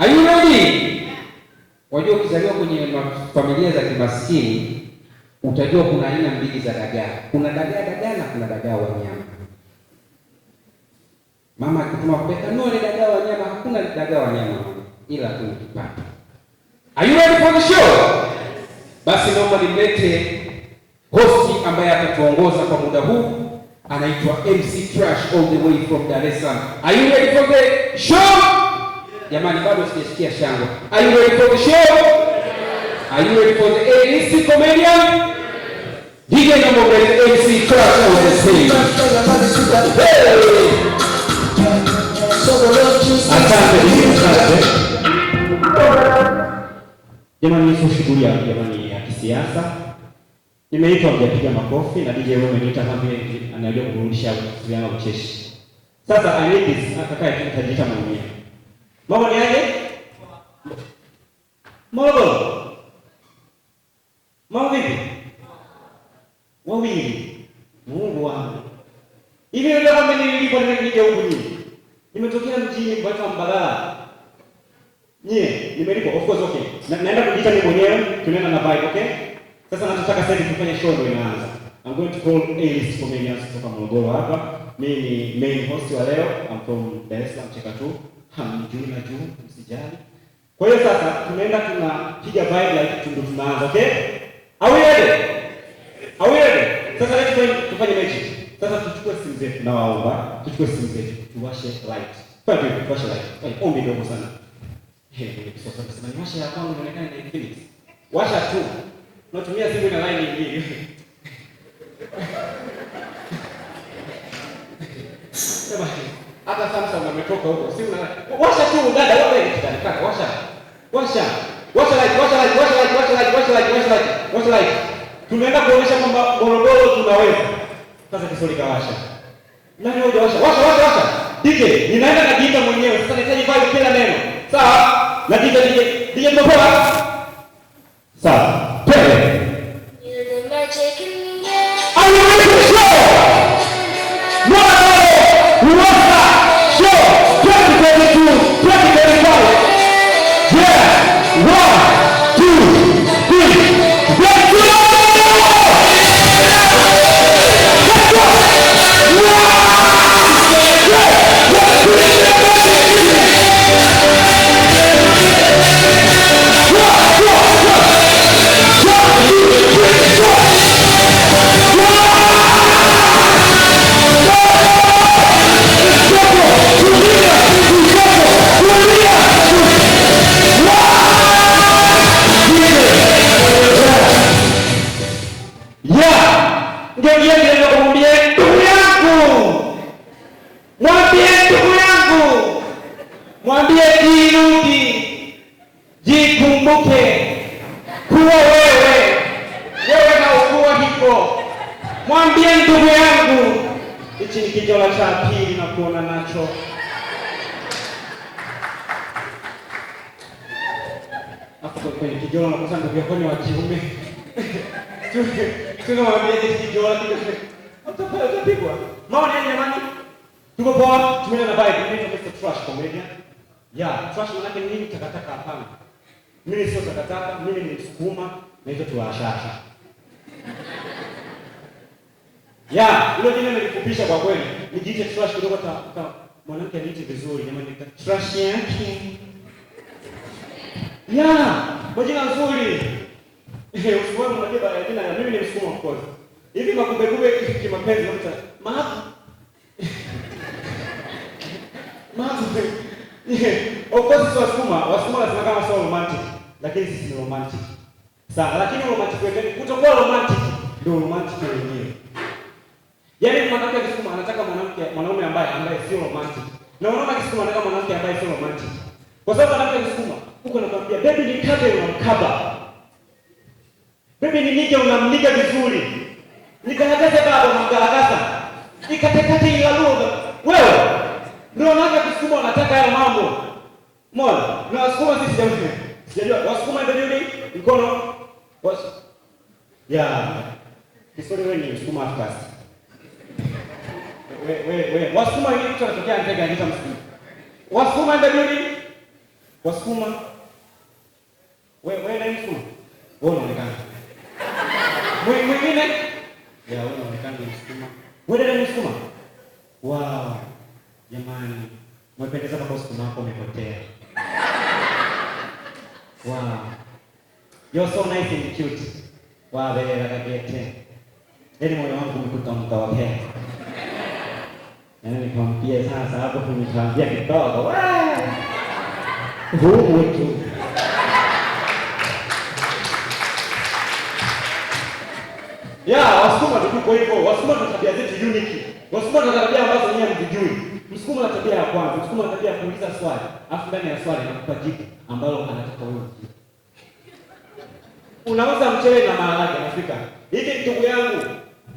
Are you ready? Wajua, ukizaliwa kwenye familia za kimaskini utajua kuna aina mbili za dagaa. Kuna dagaa dagaa na kuna dagaa wa nyama. Mama akituma kupeka, no, ni dagaa wa nyama. Hakuna dagaa wa nyama, ila tu kipata. Are you ready for the show? Basi naomba nimlete hosti ambaye atatuongoza kwa muda huu, anaitwa MC Trash all the way from Dar es Salaam. Are you ready for the show? Jamani, bado sijasikia shangwe. Are you ready for the show? Are you ready for the ABC comedian? DJ number one, over the AC on the stage. Jamani, sio shughuli ya jamani ya kisiasa. Nimeitwa mjapiga makofi na DJ wewe umeniita kama vile anajua kurudisha vijana ucheshi. Sasa I need this, akakae tu katika mwenyewe. Mama ni aje? Mogo. Mama vipi? Wawili. Mungu wangu. Hivi ndio kama nilipo nimekuja huku nini? Nimetokea mjini mpaka Mbarara. Nye, nimelipo of course okay. Na, naenda kujiita ni mwenyewe, tunaenda na vibe okay? Sasa nataka sasa hivi show ndio inaanza. I'm going to call A-list comedians kutoka Morogoro hapa. Mimi main host wa leo. I'm from Dar es Salaam Chekatu hamjui na msijali. Kwa hiyo sasa tunaenda tunapiga Bible tundu tunaanza, okay? Are we ready? Are we ready? Sasa let's go tufanye magic. Sasa tuchukue simu zetu na waomba, tuchukue simu zetu tuwashe light. Fanya hivyo tuwashe light. Fanya ombi dogo sana. Hey, kwa sababu sema niwashe ya kwangu inaonekana ni infinity. Washa tu. Unatumia simu na line nyingine. Sema hata Samsung ametoka huko. Simu na washa tu dada wewe kitani washa. Washa. Washa like washa like washa like washa like washa like washa like washa like. Tunaenda kuonyesha kwamba Morogoro tunaweza. Sasa Kisuri kawasha. Nani wewe washa? Washa washa washa. DJ, ninaenda na najiita mwenyewe. Sasa nitaji vibe kila neno. Sawa? Najiita DJ. DJ Mbopoa. kwenye kijola nakosa ndivyokwani wa kiume tunawambia hizi kijola utapigwa maoni yenu jamani tuko poa tumeenda na bible inaitwa mr trash comedian yeah trash manake nini takataka hapana mimi sio takataka mimi ni msukuma naitwa tuwashasha yeah hilo jina nilikupisha kwa kweli nijiite trash kutoka kwa mwanamke aniite vizuri jamani trash yake Yeah, kwa jina nzuri. Eh, usiwewe unajua bana jina na mimi ni msukumo of course. Hivi makumbe kumbe kitu na mta. Maafu. Maafu. Of course sio wasukuma, wasukuma wanasema kama sio romantic, lakini sisi ni romantic. Sawa, lakini romantic wenyewe kutokuwa romantic ndio romantic wenyewe. Yaani mwanamke kisukuma anataka mwanamke mwanaume ambaye ambaye sio romantic. Na mwanaume kisukuma anataka mwanamke ambaye sio romantic. Kwa sababu mwanamke kisukuma huko anakwambia bebi, nikabe, unamkaba bebi, nimige, unamliga vizuri, nigaragaze baba, unamgaragaza, nikatekate, ilaluga wewe, ndio naanza kusukuma, wanataka hayo mambo mola na wasukuma sisi jamii, sijajua wasukuma ndio nini mkono was ya kisori, wewe ni msukuma afkasi we we we wasukuma, hii mtu anatokea Ntega anaita msukuma, wasukuma ndio nini wasukuma wewe mwenda mtu. Wewe unaonekana. Wewe mwingine? Ya wewe unaonekana msukuma. Wewe dada msukuma? Wow. Jamani, umependeza mpaka usukuma wako umepotea. Wow. You're so nice and cute. Wow, baby, like I get Yaani moyo wangu umekutamka wake. Yaani nikwambie sasa hapo kunitambia kidogo. Wow. Huu wetu. Ya, Wasukuma tuko hivyo. Wasukuma tuna tabia zetu unique. Wasukuma tuna tabia ambazo wenyewe hamjui. Msukuma na tabia ya kwanza, Msukuma na tabia ya kuuliza swali, afu ndani ya swali anakupa jibu ambalo anataka wewe. Unaweza mchele na maharage Afrika. Hiki ndugu yangu,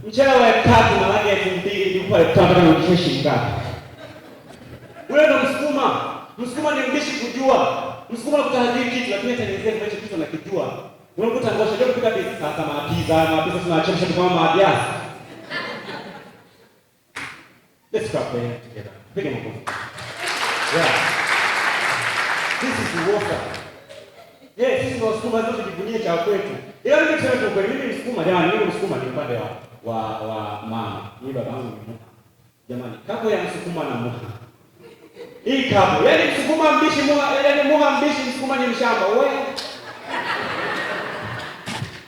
mchele wa elfu na maharage ya elfu mbili nilikuwa elfu tatu na unishe shilingi ngapi? Wewe ndo Msukuma. Msukuma ni mbishi kujua. Msukuma kutahadhi kitu lakini tena atengenezea kitu anakijua. Unakuta ngosha ndio kupika bizi sasa maapiza, maapiza tunachemsha kwa mama adias. Let's clap for him together. Piga makofi. Yeah. This is the water. Yeah, sisi ndio Wasukuma ndio tujivunie cha kwetu. Ila mimi kusema tu kweli mimi Msukuma jamani, mimi Msukuma ni upande wa wa wa mama. Ni babangu ni Muha. Jamani, kapo ya Msukuma na Muha. Hii kapo. Yaani Msukuma mbishi Muha, yaani Muha mbishi Msukuma ni mshamba. Wewe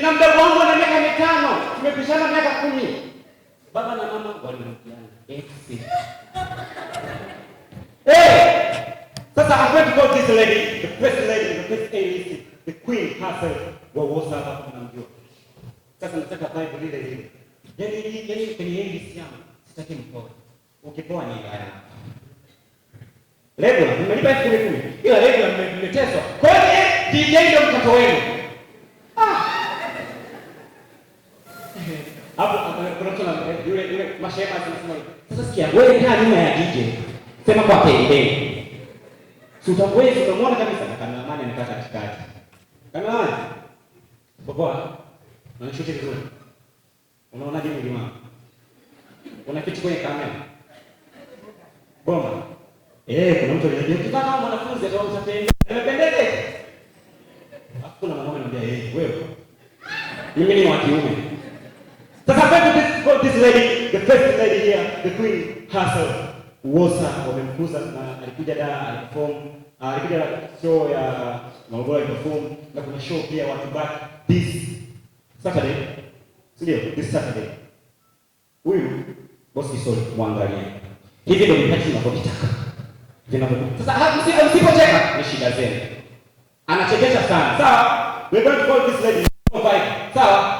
Nina mdogo wangu ana miaka mitano, tumepishana miaka kumi. Baba na mama walimkiana. Eh! eh, sasa I'm going to call this lady, the first lady, the first lady, the queen herself. Wa wosa hapa kuna mjua. Sasa nataka Bible ile ile. Yaani hii yaani kwenye hii siamu sitaki mpoa. Ukipoa ni ibada. Lebo, nimelipa elfu kumi. Ila lebo nimeteswa. Kwa hiyo eh, DJ ndio mtoto wenu. mashema zinasema hivi. Sasa sikia, wewe kaa nyuma ya DJ. Sema kwa pembeni. Si utaweza utamwona kabisa na kamera mane amekaa katikati. Kamera mane. Popoa. Unashote vizuri. Unaonaje mwili wako? Una kitu kwenye kamera. Bomba. Eh, kuna mtu anaje? Kama kama mwanafunzi ataona utapendeza. Umependeza? Hakuna mwanamume anambia yeye, eh, wewe. Mimi ni wa kiume. Sasa this lady, the first lady here, the queen herself, Wosa wamemkuza na alikuja da aliperform, ah, alikuja na show ya Maugolo aliperform na kuna show pia watu back this Saturday. Ndio, this Saturday. Huyu bosi sorry muangalie. Hivi ndio mtachi ninavyotaka. Vinavyotaka. Sasa hapo si msipocheka ni shida zenu. Anachekesha sana. Sawa? We're going to call this lady. Sawa?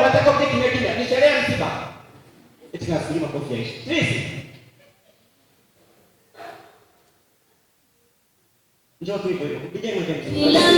Piga makofi makofi ya heshima. Njoo tu hivyo hivyo. Pigeni moja mtu.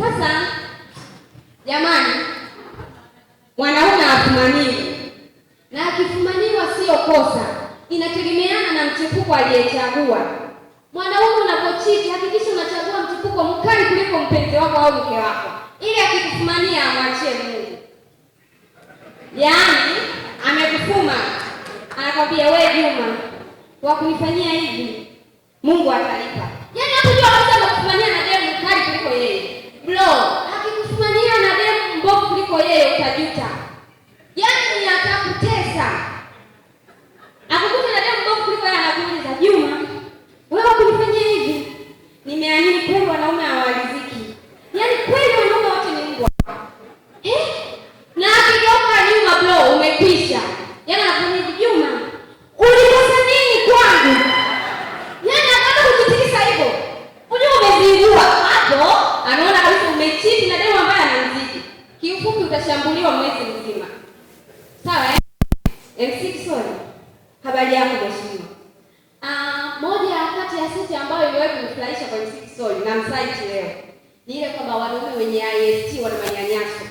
Sasa jamani, mwanaume afumaniwe na akifumaniwa sio kosa, inategemeana na mchepuko aliyechagua. Mwanaume unapochiti, hakikisha unachagua mchepuko mkali kuliko mpenzi wako au mke wako, ili akikufumania amwachie Mungu. Yaani amekufuma anakwambia, we Juma, kunifanyia hivi, Mungu atalipa. Yaani hakujua kabisa amekufumania na demu kali kuliko yeye. Bro, akikufumania na demu mbovu kuliko yeye utajuta. Yaani ni atakutesa. Akikuta habari yako mheshimiwa. Ah, moja kati ya sisi ambayo iliwahi kunifurahisha kwenye Six Soul na msaiti leo ni ile kwamba wanaume wenye IST wana manyanyaso.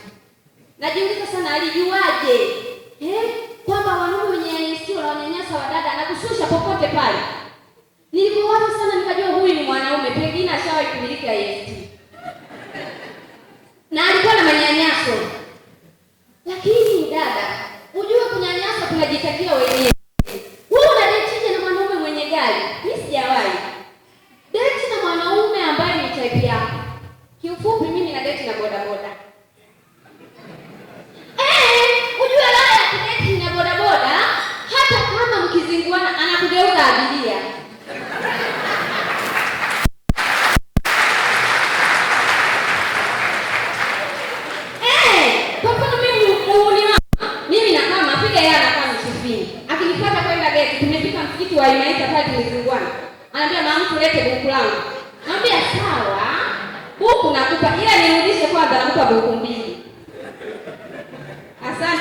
Najiuliza sana alijuaje? Eh? Kwamba wanaume wenye IST wananyanyasa wadada na kushusha popote pale. Nilipowaza sana nikajua huyu ni mwanaume pengine ashawahi kumiliki IST. Na alikuwa na manyanyaso. Lakini dada, ujue kunyanyasa kunajitakia wenyewe.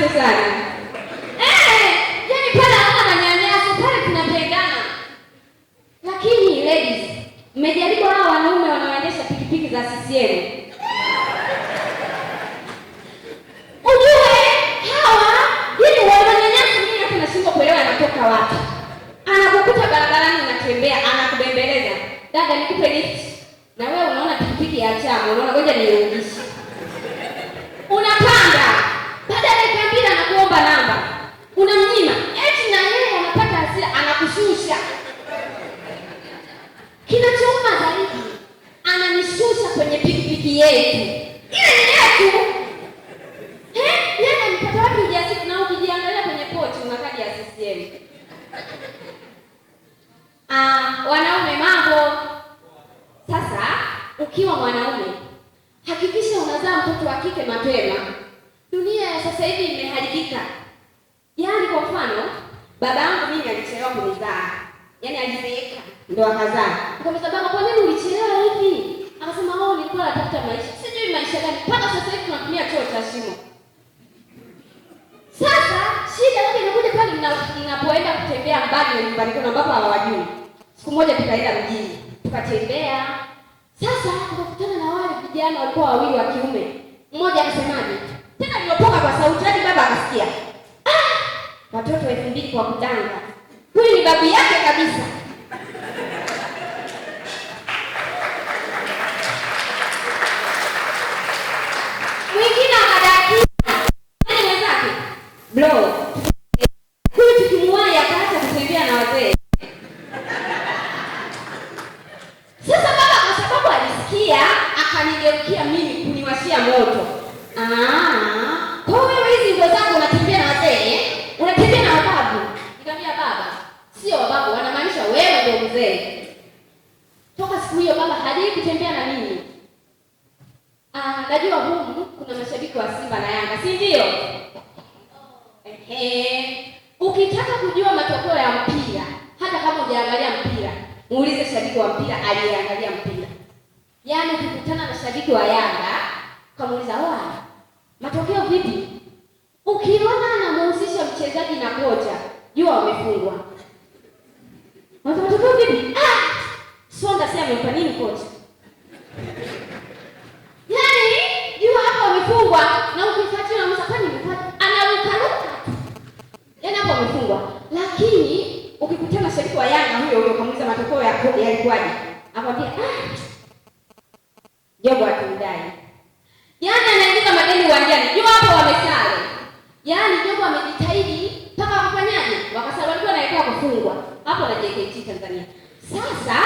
ด้วยกัน Nikabaka, kwa nini ulichelewa hivi? Akasema wao oh, nilikuwa natafuta maisha. Sijui maisha gani. Mpaka sasa hivi tunatumia choo cha shimo. Sasa shida yote inakuja pale ninapoenda kutembea mbali nyumbani kuna ambapo hawajui. Siku moja tukaenda mjini, tukatembea. Sasa tukakutana na wale vijana walikuwa wawili wa kiume. Mmoja akasemaje? Tena nilopoka kwa sauti hadi yaani baba akasikia. Ah! Watoto elfu mbili kwa kutanga. Huyu ni babu yake kabisa. Ukitaka kujua matokeo ya mpira, hata kama hujaangalia mpira, muulize shabiki wa mpira aliyeangalia mpira. Yaani ukikutana na shabiki wa Yanga kamuuliza wa matokeo vipi? Ukiona anamuhusisha mchezaji na kocha, jua wamefungwa. Matokeo vipi? Ah, sonda sasa, amempa nini kocha? Yaani jua hapa wamefungwa na na unamsapoti wamefungwa, lakini ukikutana na shabiki wa Yanga huyo huyo ukamuuliza matokeo ya yalikuwaje, akwambia ah, jogo atumdai yani, anaingiza madeni uwanjani, jua hapo wamesale, Yani jogo amejitahidi mpaka wakafanyaje, wakasale, walikuwa naelekea kufungwa hapo na JKT Tanzania. Sasa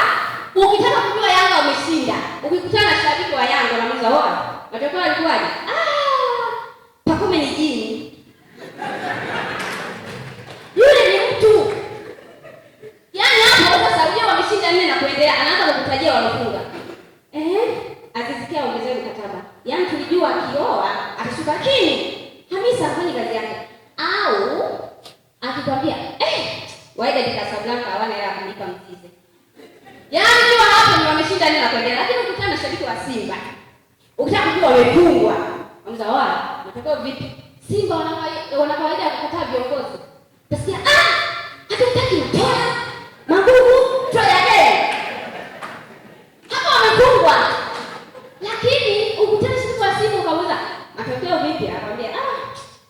ukitaka kujua Yanga wameshinda, ukikutana na shabiki wa Yanga unamuuliza oa, matokeo yalikuwaje? Ah, Pacome ni jini shida nne na kuendelea, anaanza kukutajia walofunga. Eh, akisikia ongezeni mkataba. Yaani tulijua akioa atashuka chini. Hamisa afanye kazi yake. Au akikwambia, eh, waida ni Casablanca hawana hela kulipa mtize. Yaani jua hapo ni wameshinda nne na kuendelea, lakini ukutana na shabiki wa Simba. Ukitaka kujua wamefungwa. Wamza wa nataka vipi? Simba wana kawaida ya kukataa viongozi. Utasikia ah, hatutaki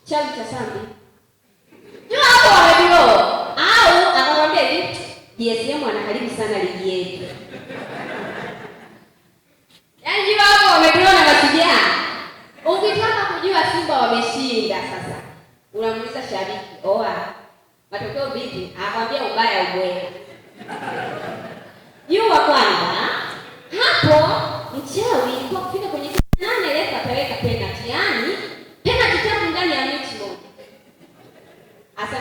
chali cha sambi jua hapo waredio au akamwambia hivi, DSM anaharibu sana ligi yetu. Yaani jua hapo wamebiona na mashujaa. Ukitaka kujua Simba wameshinda sasa, unamuuliza shabiki, oa matokeo vipi? Akwambia ubaya ubwela. Jua kwamba hapo mchawi kwa kufika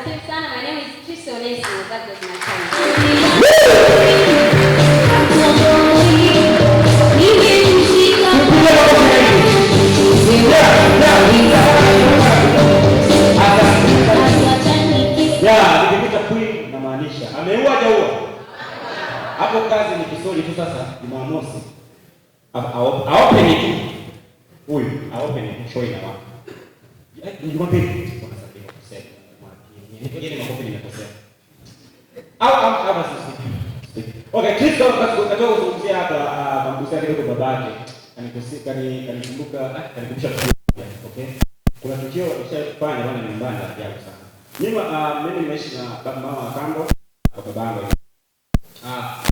Asante namaanisha. Ameua hajaua? kazi ni kisori tu sasa Jumamosi. Aope ni huyu, aope ni show ina wapi? Eh, Jumapili. kanikumbuka kanikumbusha tukio okay. Kuna tukio nishafanya bwana nyumbani la ajabu sana. Mimi uh, mimi nimeishi na baba mama wa kambo kwa baba yangu. Ah,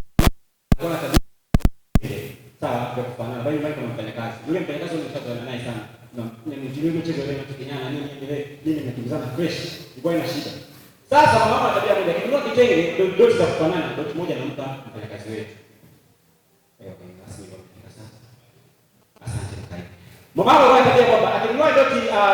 kuna tabia sawa kwa kufanana bali bali kama mfanyakazi. Yule mfanyakazi yule nishakutana naye sana. Na ni mjini mchezo leo tukinyana nini ndio nini nakimbizana fresh. Ilikuwa ina shida. Sasa mama ana tabia moja kinunua kitenge dot za kufanana dot moja nampa mfanyakazi wetu. Eh, okay, Mama wake pia kwamba akinunua ndoki ah,